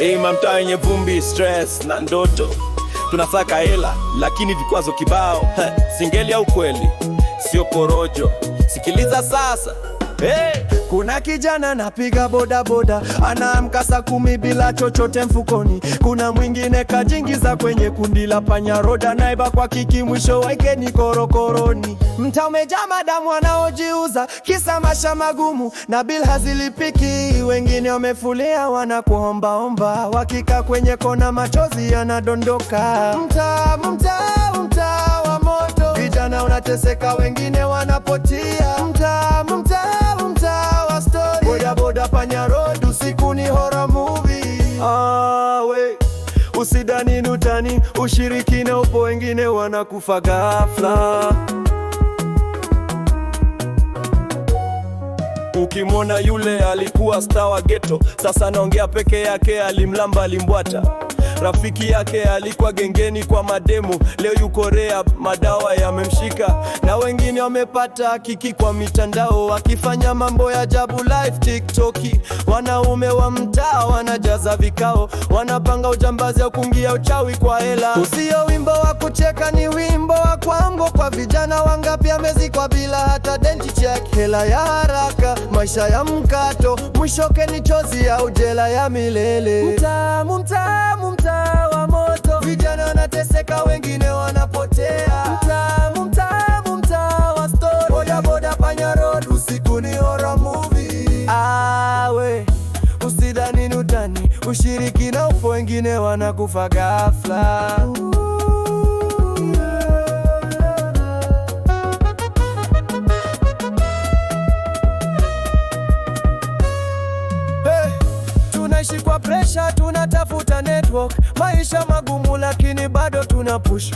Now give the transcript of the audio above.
Ima mtaa wenye vumbi, stress na ndoto, tunasaka hela lakini vikwazo kibao. Singeli au kweli, sio porojo. Sikiliza sasa hey. Kuna kijana napiga bodaboda, anaamka saa kumi bila chochote mfukoni. Kuna mwingine kajingiza kwenye kundi la panyaroda, naiba kwa kiki, mwisho wake ni korokoroni. mta umejaa madamu wanaojiuza, kisa masha magumu na bil hazilipiki. Wengine wamefulia wanakuombaomba, wakika kwenye kona machozi yanadondoka. Mta, mta, mta wa moto, vijana unateseka, wengine wanapotia usidani nutani, ushirikina upo, wengine wanakufa ghafla. Ukimwona yule alikuwa star wa ghetto, sasa naongea peke yake, alimlamba limbwata Rafiki yake alikuwa gengeni kwa mademu, leo yuko rea, madawa yamemshika. Na wengine wamepata kiki kwa mitandao, wakifanya mambo ya ajabu live TikTok. Wanaume wa mtaa wanajaza vikao, wanapanga ujambazi ya kuingia uchawi kwa hela. Usio wimbo wa kucheka ni wimbo wa kwango kwa vijana wangapi amezikwa bila hata denti check. Hela ya haraka, maisha ya mkato, mwishoke ni chozi au jela ya milele. Mtamu mtamu utani ni utani, ushiriki na upo wengine wanakufa ghafla. tunaishi kwa tunatafuta network, maisha magumu, lakini bado push